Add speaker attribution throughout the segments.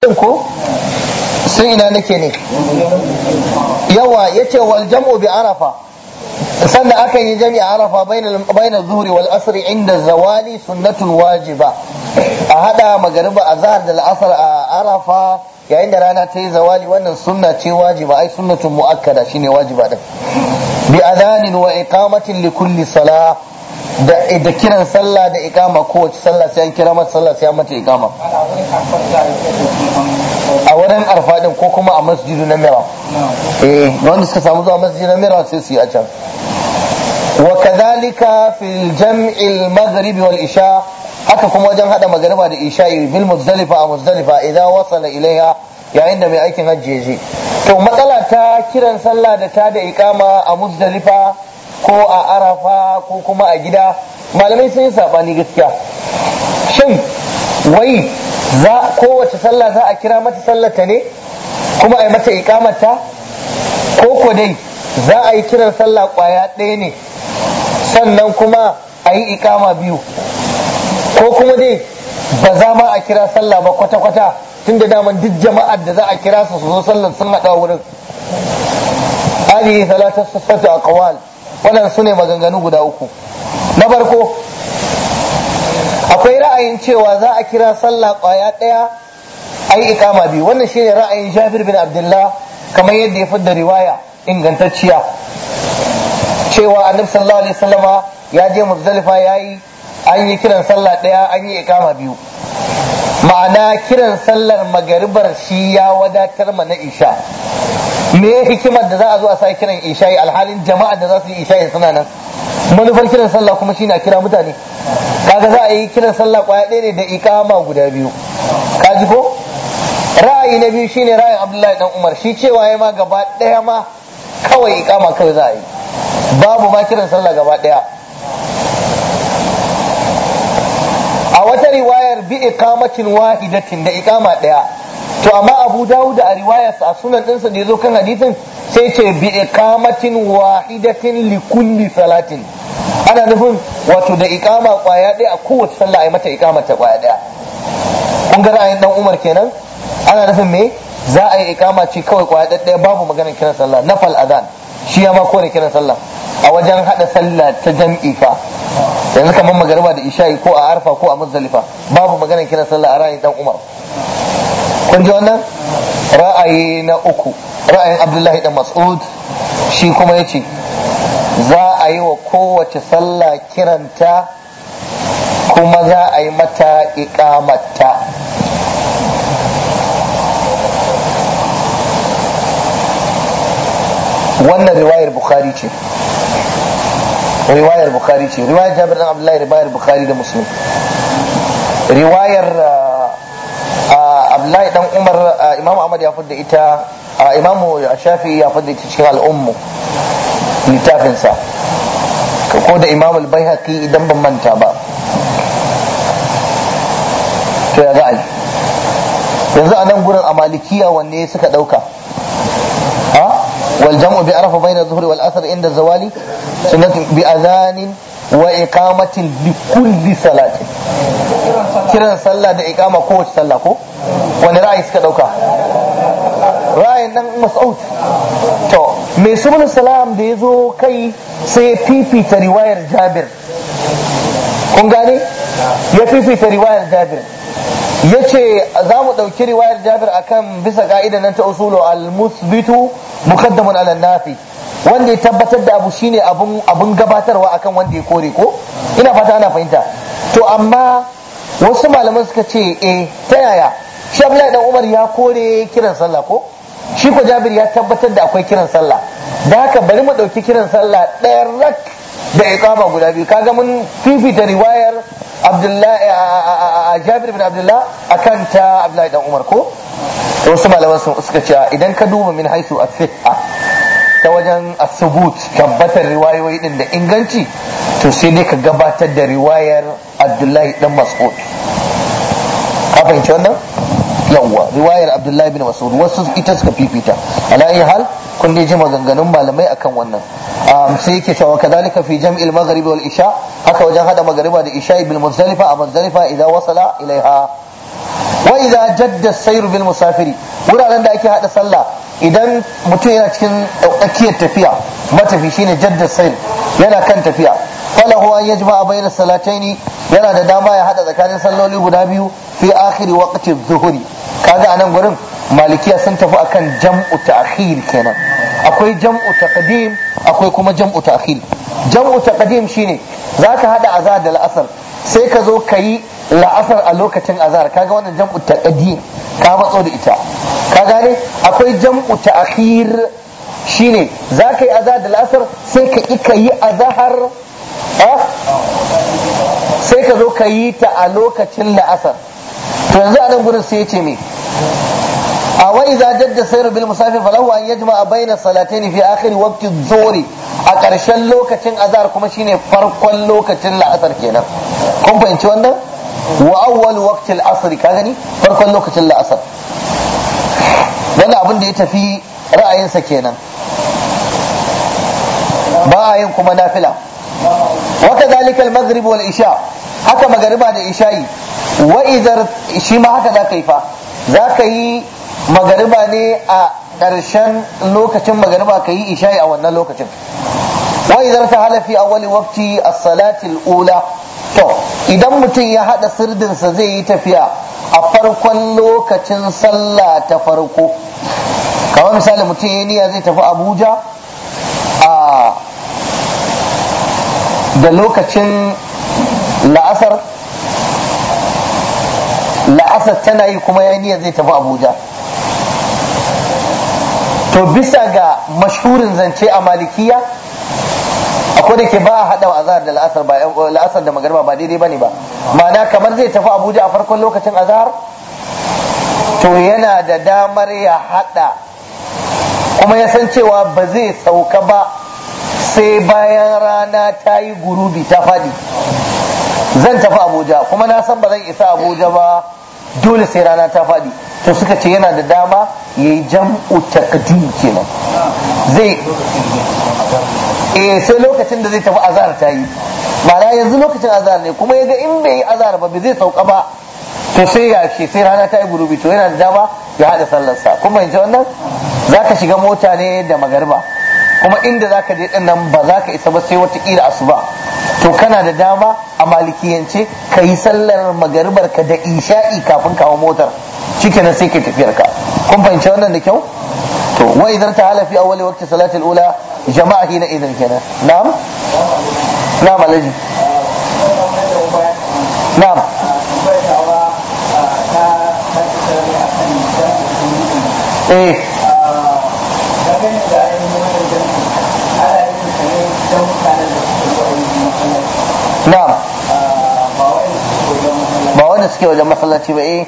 Speaker 1: din ko sun ina nake ne yawa yace wal jam'u bi arafa sannan akan yi jami'a arafa baina zuhri wal asri inda zawali sunnatun wajiba a hada magariba a zahar da al'asar a arafa yayin da rana ta yi zawali wannan sunna ce wajiba ai sunnatun mu'akkada shine wajiba din bi adanin wa iqamatin li kulli salah Eh, da kiran sallah da ikama kowace sallah sai an kira mata sallah sai an mata ikama a wurin arfadin ko kuma a masjidu na mira eh wanda suka samu zuwa masjidu na mira sai su yi a can Wa وكذلك في maghrib wal isha, haka kuma wajen hada magariba da isha, bil muzdalifa a muzdalifa idan wasala ilaiha yayin da mai aikin hajji je to matsala ta kiran sallah da ta da ikama a muzdalifa ko a arafa ko kuma a gida malamai sun yi saɓani gaskiya shin wai za kowace sallah za a kira mata sallata ne kuma a yi mata ikamata ko ko dai za a yi kiran sallah kwaya ɗaya ne sannan kuma a yi ikama biyu ko kuma dai ba za ma a kira sallah ba kwata-kwata tun da daman duk jama'ar da za a kira su su zo sallar sun haɗa wurin هذه salatu صفة أقوال wannan su ne maganganu guda uku na farko akwai ra'ayin cewa za a kira sallah ƙwaya ɗaya a yi ikama biyu wannan shi ne ra'ayin jabir bin abdullah kamar yadda ya fidda riwaya ingantacciya cewa annabi sallallahu alaihi ya je muzdalifa ya yi an yi kiran sallah ɗaya an yi ikama biyu ma'ana kiran sallar magaribar shi ya wadatar mana isha me hikimar da za a zo a sa kiran isha'i alhalin jama'a da za su yi isha'i suna nan manufar kiran sallah kuma shine a kira mutane kaga za a yi kiran sallah kwaya ɗaya ne da ikama guda biyu kaji ko ra'ayi na biyu shine ra'ayin abdullahi dan umar shi cewa ya ma gaba ɗaya ma kawai ikama kawai za a yi babu ma kiran sallah gaba ɗaya a wata riwayar bi ikamatin wahidatin da ikama ɗaya to amma abu dawud a riwayarsa a sunan dinsa da ya kan hadisin sai ce bi iqamatin wahidatin li kulli salatin ana nufin wato da iqama kwaya ɗaya a kowace sallah ai mata iqama ta kwaya ɗaya kun ga ra'ayin dan umar kenan ana nufin me za a yi iqama ce kawai kwaya ɗaya babu maganar kiran sallah nafal azan shi ya ma kore kiran sallah a wajen hada sallah ta jam'i fa yanzu kamar magariba da isha'i ko a arfa ko a muzdalifa babu maganar kiran sallah a ra'ayin dan umar kun ji wannan ra'ayi na uku ra'ayin abdullahi da mas'ud shi kuma ya ce za a yi wa kowace sallah kiranta kuma za a yi mata ikamata wannan riwayar bukhari ce riwayar bukhari ce riwayar jabir dan abdullahi riwayar bukhari da muslim riwayar uh, abdullahi dan umar uh, imam ahmad ya fadda ita uh, imam shafi ya fadda ita cikin al'ummu littafinsa ko da imam al-baihaqi idan ban manta ba to ya za'a yanzu a nan gurin a malikiya wanne suka dauka a wal jam'u bi arafa bayna zuhri wal asr inda zawali sunnat bi wa kiran sallah da ikama kowace sallah ko wani ra'ayi suka dauka ra'ayin nan mas'ud to mai sunan salam da ya zo kai sai ya fifita riwayar jabir kun gane ya fifita riwayar jabir ya ce za mu ɗauki riwayar jabir akan bisa ka'ida nan ta usulu al-musbitu muqaddamun ala nafi wanda ya tabbatar da abu shine abun abun gabatarwa akan wanda ya kore ko ina fata ana fahimta to amma wasu malaman suka ce eh ta yaya shi abdullahi dan umar ya kore kiran sallah ko shi ko jabir ya tabbatar da akwai kiran sallah da haka bari mu ɗauki kiran sallah ɗaya rak da iqama guda biyu ga mun fifita riwayar abdullahi jabir bin abdullah akan ta abdullahi dan umar ko wasu malaman suka ce idan ka duba min haisu a fiqh wajen asubut tabbatar riwayoyi din da inganci to sai ne ka gabatar da riwayar abdullahi dan mas'ud ka fahimci wannan yawwa riwayar abdullahi bin mas'ud wasu ita suka fifita ala hal kun ji maganganun malamai akan wannan sai yake cewa kadhalika fi jam'il maghrib wal isha haka wajen hada magariba da isha bil muzdalifa a muzdalifa idan wasala ilaiha wa idza jadda sayr bil musafiri wuraren da ake hada sallah idan mutum yana cikin tsakiyar tafiya matafi shine jaddar sai yana kan tafiya falahu ya yajma bayna salataini yana da dama ya hada tsakanin salloli guda biyu fi akhiri waqti zuhuri kaga nan gurin malikiya sun tafi akan jam'u akhiri kenan akwai jam'u taqdim akwai kuma jam'u akhiri jam'u ne shine zaka hada azhar da la'asar sai ka zo kayi la'asar a lokacin azhar kaga wannan jam'u taqdim ka matso da ita ka gane akwai jam'u akhir shine za ka yi azahar da la'asar sai ka ika ka yi a sai ka zo ka yi ta a lokacin la'asar to yanzu a nan gurin sai ya ce me a wai za jadda sayru bil musafir falahu an yajma baina ne fi akhir wakti zori a ƙarshen lokacin azahar kuma shine farkon lokacin la'asar kenan kun fahimci wannan wa awwal waqti ka gani farkon lokacin la'asar wanda abin da ya tafi ra'ayinsa kenan ba a yin kuma nafila waka zalika al-maghrib wal isha haka magariba da isha'i wa idar shi ma haka ka yi fa ka yi magariba ne a ƙarshen lokacin magariba ka yi isha'i a wannan lokacin wa idar ta halafi awwali wakti as-salati al-ula to idan mutum ya haɗa sirdinsa zai yi tafiya a farkon lokacin sallah ta farko kamar misali mutum ya niyya zai tafi abuja a da lokacin la'asar la'asar tana yi kuma ya niyya zai tafi abuja to bisa ga mashhurin zance a malikiya akwai da ke ba a haɗa azhar da la'asar ba la'asar da magarba ba daidai bane ba ma'ana kamar zai tafi abuja a farkon lokacin azhar to yana da damar ya haɗa kuma ya san cewa ba zai sauka ba sai bayan rana ta yi gurubi ta faɗi zan tafi abuja kuma na san ba zan isa abuja ba dole sai rana ta faɗi to suka ce yana da dama ya yi jam'u takdim kenan zai eh sai lokacin da zai tafi azhar ta yi ma'ana yanzu lokacin azhar ne kuma yaga in bai yi azhar ba bai zai sauka ba to sai ya ce sai rana ta yi gurubi to yana da dama ya hada sa kuma yanzu wannan zaka shiga mota ne da magarba kuma inda zaka je din nan ba za ka isa ba sai wata kila asuba to kana da dama a malikiyance ka yi sallar magaribar ka da isha'i kafin kawo motar na sai ka tafiyar ka kun fahimci wannan da kyau to wa idan ta halafi awwali waqti salatil ula jama'a na idan kenan na'am na'am alaji na'am eh na'am ba wanda suke wajen masallaci ba eh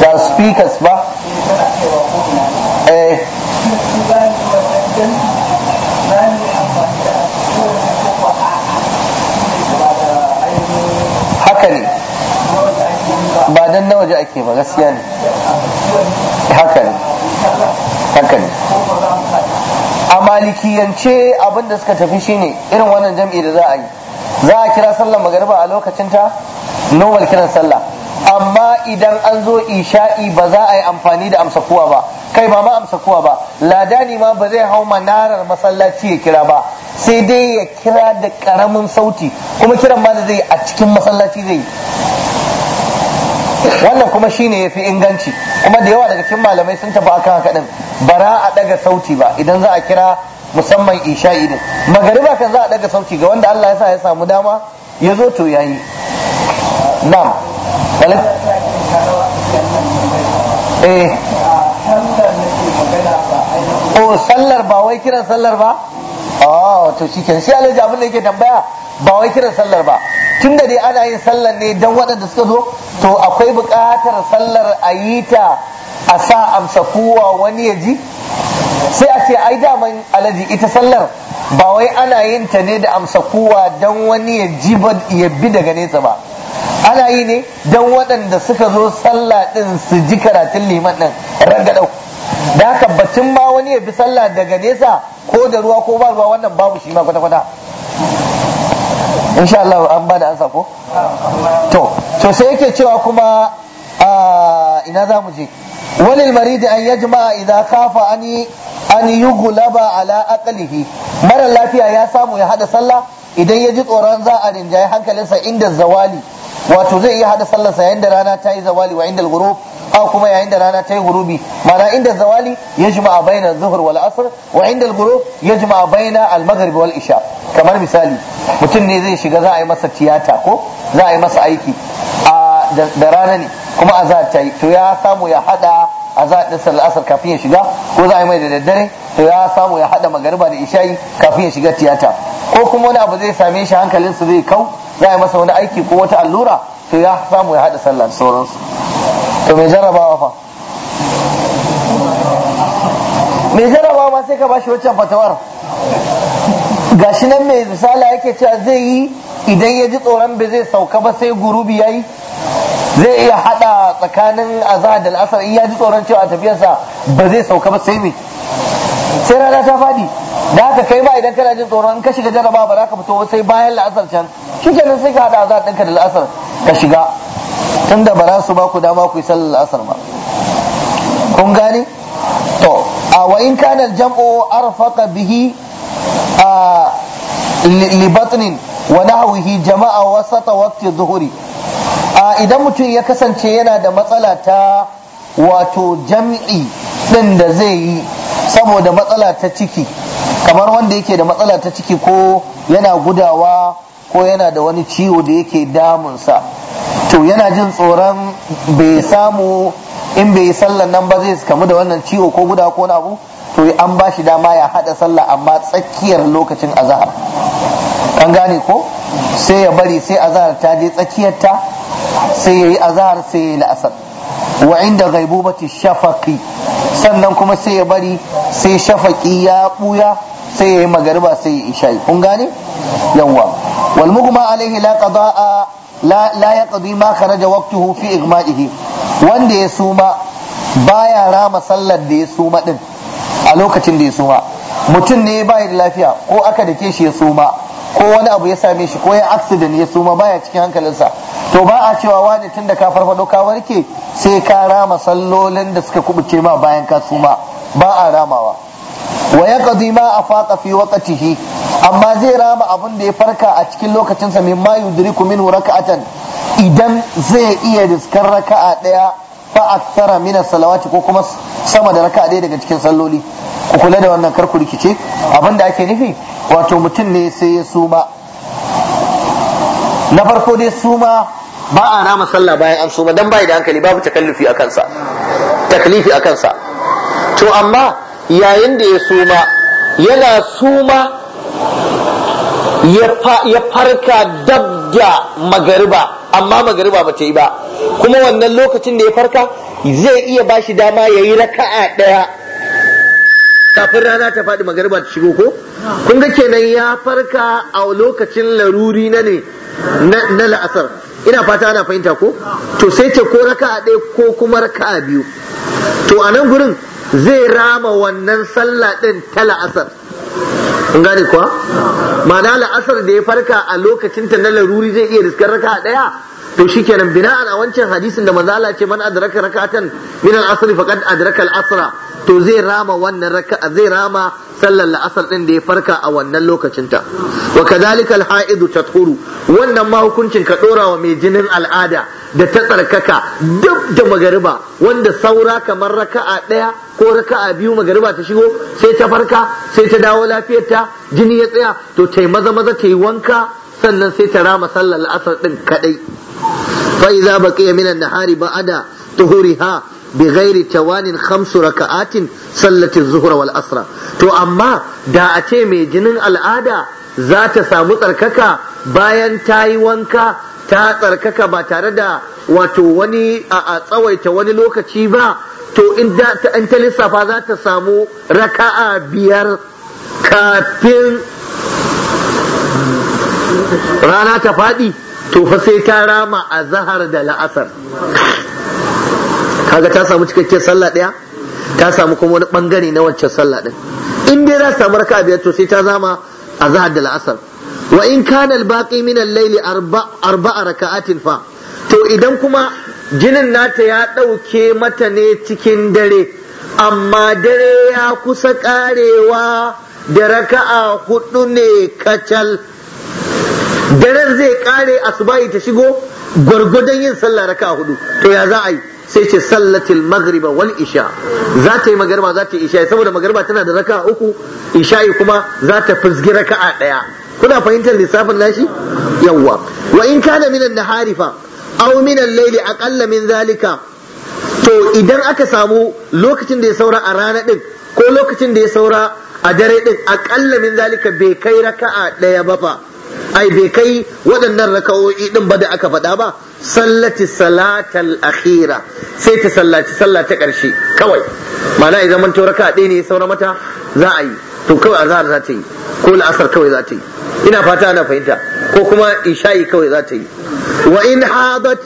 Speaker 1: da speakers ba ake ba gaskiya ne haka ne haka ne a malikiyance abinda suka tafi shine irin wannan jam'i da za a yi za a kira sallar magariba a lokacin ta normal kiran sallah amma idan an zo isha'i ba za a yi amfani da amsa kuwa ba kai ba ma amsa kuwa ba ladani ma ba zai hau manarar masallaci ya kira ba sai dai ya kira da karamin sauti kuma kiran ma da zai a cikin masallaci zai wannan kuma shine yafi inganci kuma da yawa daga cikin malamai sun tafi akan haka din bara a daga sauti ba idan za a kira musamman isha'i din magariba kan za a daga sauti ga wanda Allah ya sa ya samu dama ya zo to yayi na'am eh o sallar ba wai kiran sallar ba a ah, to shikenan sai alhaji abin da yake tambaya ba wai kiran sallar ba tun da dai ana yin sallar ne don waɗanda suka zo to akwai buƙatar sallar a yi ta a sa amsa kowa wani ya ji sai a ce ai daman alaji ita sallar ba wai ana yin ta ne da amsa kowa don wani ya ji ya bi daga nesa ba ana yi ne don waɗanda suka zo sallah ɗin su ji karatun liman ɗin ragadau da haka batun ma wani ya bi sallah daga nesa ko da ruwa ko ba ruwa wannan babu shi ma kwata-kwata insha Allah an ba da ansa ko to to sai yake cewa kuma ina za mu je walil maridi an yajma idan kafa ani an yughlaba ala aqlihi mara lafiya ya samu ya hada sallah idan ya ji tsoron za a rinjaye hankalinsa inda zawali wato zai iya hada sallarsa yayin da rana ta yi zawali wa inda al ha kuma yayin da rana ta yi gurubi mana inda zawali ya juma'a baina zuhur wal asr wa inda al ya juma'a baina al-maghrib wal isha kamar misali mutum ne zai shiga za a yi masa tiyata ko za a yi masa aiki a da rana ne kuma azar ta yi to ya samu ya hada azar din sallar kafin ya shiga ko za a yi mai da daddare to ya samu ya hada magariba da ishayi kafin ya shiga tiyata ko kuma wani abu zai same shi hankalinsa zai kau za a yi masa wani aiki ko wata allura to ya samu ya hada sallar sauransu to mai jarabawa fa mai jarabawa ma sai ka bashi waccan fatawar gashi nan mai misala yake cewa zai yi idan ya ji tsoron ba zai sauka ba sai gurubi ya yi zai iya hada tsakanin aza da al'asar iya ji tsoron cewa a tafiyarsa ba zai sauka ba sai me sai rana ta fadi da haka kai ba idan kana jin tsoron ka shiga jaraba ba za ka fito sai bayan la'asar can shi kenan sai ka hada aza ɗinka da la'asar ka shiga tunda ba za su ba ku dama ku yi sallar asar ba kun gane to a wa in kana jam'u arfaqa bihi a li batnin wa nahwihi jama'a wasata waqti dhuhri a idan mutum ya kasance yana da matsala ta wato jam'i din da zai yi saboda matsala ta ciki kamar wanda yake da matsala ta ciki ko yana gudawa ko yana da wani ciwo da yake damunsa to yana jin tsoron bai samu in bai yi sallan nan ba zai kamu da wannan ciwo ko guda ko abu to an ba shi dama ya haɗa sallah amma tsakiyar lokacin azahar an gane ko sai ya bari sai azahar ta je tsakiyarta sai ya yi azahar sai ya yi la'asar wa inda ghaibubati shafaki sannan kuma sai ya bari sai shafaki ya buya sai ya yi magariba sai ya isha'i kun gane yawwa wal mugma alaihi la qada'a la la yaqdi ma kharaja waqtuhu fi igma'ihi wanda ya suma baya rama sallar da ya suma din a lokacin da ya suma mutum ne baya da lafiya ko aka dake shi ya suma ko wani abu ya same shi ko ya accident ya suma baya cikin hankalinsa to ba a cewa wani da ka farfado ka warke sai ka rama sallolin da suka kubuce ma bayan ka suma ba a ramawa wa yaqdi ma afaqa fi waqtihi amma zai rama abin da ya farka a cikin lokacinsa mayu ma yudriku minhu raka'atan idan zai iya diskar raka'a daya fa aktara min salawati ko kuma sama da raka'a daya daga cikin salloli ku kula da wannan karku rikice abin da ake nufi wato mutum ne sai ya suma na farko dai suma ba a rama sallah bayan an suma dan bai da hankali babu takallufi a kansa taklifi a kansa to amma yayin da ya suma yana suma ya farka dab da magariba amma magariba ba ta yi ba kuma wannan lokacin da ya farka zai iya ba shi dama ya yi raka'a ɗaya kafin rana ta faɗi magariba ta shigo ko kun ga kenan ya farka a lokacin laruri na ne na la'asar ina fata ana fahimta ko to sai ce ko raka'a ɗaya ko kuma raka'a biyu to a nan gurin zai rama wannan sallah ɗin ta la'asar an gane kuwa ma'ana la'asar da ya farka a lokacin ta na laruri zai iya riskar raka daya to shi kenan, bina'an a wancan hadisin da manzo Allah ce man adraka rakatan min al-asr faqad adraka al-asra to zai rama wannan raka'a zai rama sallar la'asar din da ya farka a wannan lokacin ta. wa kadhalika al-ha'idu tathuru wannan ma hukuncin ka dora wa mai jinin al'ada da ta tsarkaka duk da magariba wanda saura kamar raka'a daya ko raka'a biyu magariba ta shigo sai ta farka sai ta dawo lafiyarta jini ya tsaya to tai maza maza ta yi wanka sannan sai ta rama sallar la'asar din kadai fa idza baqiya minan nahari ba'ada tuhuriha بغير توان خمس ركعات صلة الظهر والأسرة تو أما دا أتي مي جنن الآدة ذات سامو تركك باين تاي وانكا تا تركك باتاردا واتو وني أتويت وني لوكا تشيبا to in ta lissafa za ta samu raka'a biyar kafin rana ta faɗi to fa sai ta rama a zahar da la'asar kaga ta samu cikakken sallah ɗaya ta samu kuma wani bangare na wancan sallah ɗin in dai za ta samu raka'a biyar to sai ta zama a zahar da la'asar wa in kana al-baqi min al-layli arba'a raka'atin fa to idan kuma jinin nata ya ɗauke mata ne cikin dare amma dare ya kusa karewa da raka'a hudu ne kacal daren zai kare asuba'i ta shigo gwargwadon yin sallah raka'a hudu to ya za a yi sai ce sallatil maghriba wal isha za ta yi magarba za ta yi isha saboda magarba tana da raka uku isha kuma za ta fizgi raka'a ɗaya. kuna fahimtar lissafin nashi yawwa wa in kana minan nahari fa aw minan laili aqalla min zalika to idan aka samu lokacin da ya saura a rana din ko lokacin da ya saura a dare din aqalla min zalika bai kai raka'a ɗaya ba fa ai bai kai waɗannan raka'o'i din ba da aka faɗa ba sallati salatal akhira sai ta sallaci sallah ta ƙarshe kawai ma'ana idan mun raka ɗaya ne saura mata za a yi to kawai azhar za ta yi ko la'asar kawai za ta yi ina fata ana fahimta ko kuma isha'i kawai za ta yi wa in hadat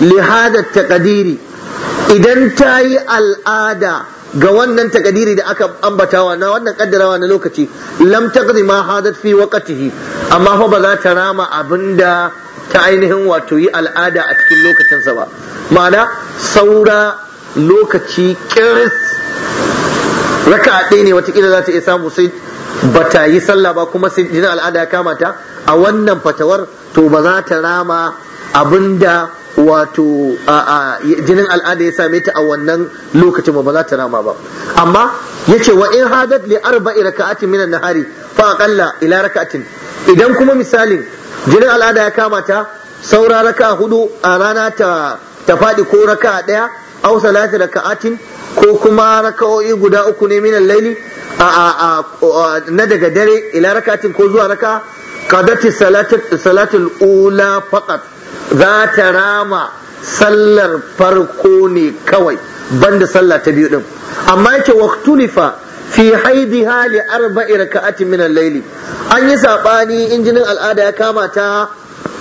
Speaker 1: li hada taqdiri idan ta yi al'ada ga wannan takadiri da aka ambatawa na wannan kaddarawa na lokaci lam taqdi ma hadat fi waqtihi amma fa ba za ta rama abinda ta ainihin wato yi al'ada a cikin lokacinsa ba ma'ana saura lokaci kiris raka ɗaya ne watakila za ta iya samu sai ba ta yi sallah ba kuma sai jinin al'ada ya kama a wannan fatawar to ba za ta rama abinda wato jinin al'ada ya same ta a wannan lokacin ba za ta rama ba amma yace wa in hadat li arba'i raka'atin minan nahari fa aqalla ila raka'atin idan kuma misalin jinin al'ada ya kama ta saura raka'a hudu a rana ta ta fadi ko raka'a daya aw salati raka'atin ko kuma raka'o'i guda uku ne minan laili na daga dare ila raka'atin ko zuwa raka'a qadati salatul ula faqat za ta rama sallar farko ne kawai banda sallah ta biyu din amma yake waqtulifa fi haidiha li arba'i raka'ati min al-layli an yi sabani injinin al'ada ya kama ta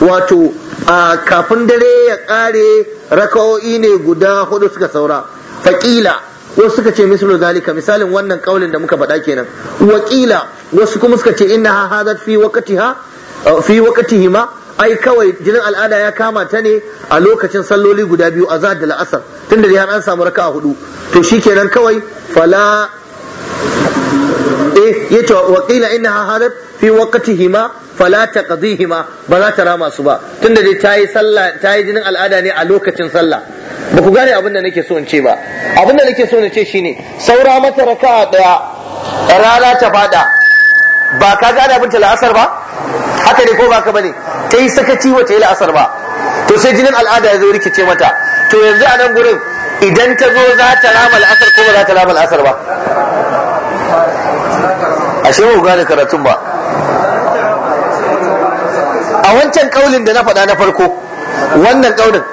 Speaker 1: wato kafin dare ya kare raka'o'i ne guda hudu suka saura faqila wasu suka ce mislu zalika misalin wannan kaulin da muka faɗa kenan waqila wasu kuma suka ce inna hadha fi waqtiha fi waqtihima ai kawai jinin al'ada ya kama ta ne a lokacin salloli guda biyu a da la'asar tunda dai har an samu a hudu to shi shikenan kawai fala eh yace wa qila innaha hadat fi hima fala hima ba za ta rama su ba tunda dai ta sallah jinin al'ada ne a lokacin sallah ba ku gane abin da nake so ce ba abin da nake so na ce shine saura mata raka'a daya rana ta fada ba ka ga abin binta la'asar ba haka ne ko ba ka bane ta yi sakaci wata yi la'asar ba to sai jinin al'ada ya zo rikice mata to yanzu a nan gurin idan ta zo za ta rama la'asar ko ba za ta rama la'asar ba ashe mu gane karatun ba a wancan kaulin da na faɗa na farko wannan kaulin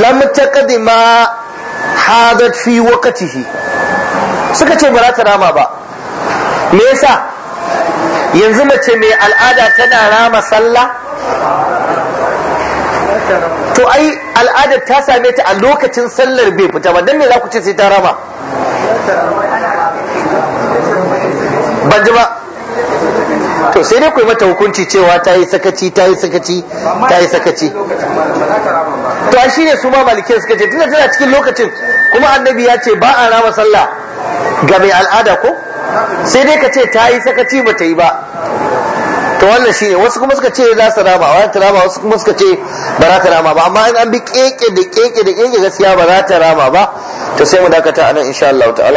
Speaker 1: lam taqdima hadat fi waqtihi suka ce ba za ta rama ba me yasa yanzu mace mai al'ada tana rama sallah to ai al'adar ta same ta a lokacin sallar bai fita ba don me za ku ce sai ta rama ban ji ba to sai dai ku yi mata hukunci cewa ta yi sakaci ta yi sakaci ta yi sakaci to shi ne su ma malikin suka ce tunda tana cikin lokacin kuma annabi ya ce ba a rama sallah ga mai al'ada ko sai dai ka ce ta yi sakaci ba ta yi ba to wannan shi ne wasu kuma suka ce za su rama wani ta rama wasu kuma suka ce ba za ta rama ba amma in an bi keke da keke da keke gaskiya ba za ta rama ba to sai mu dakata anan insha Allah ta'ala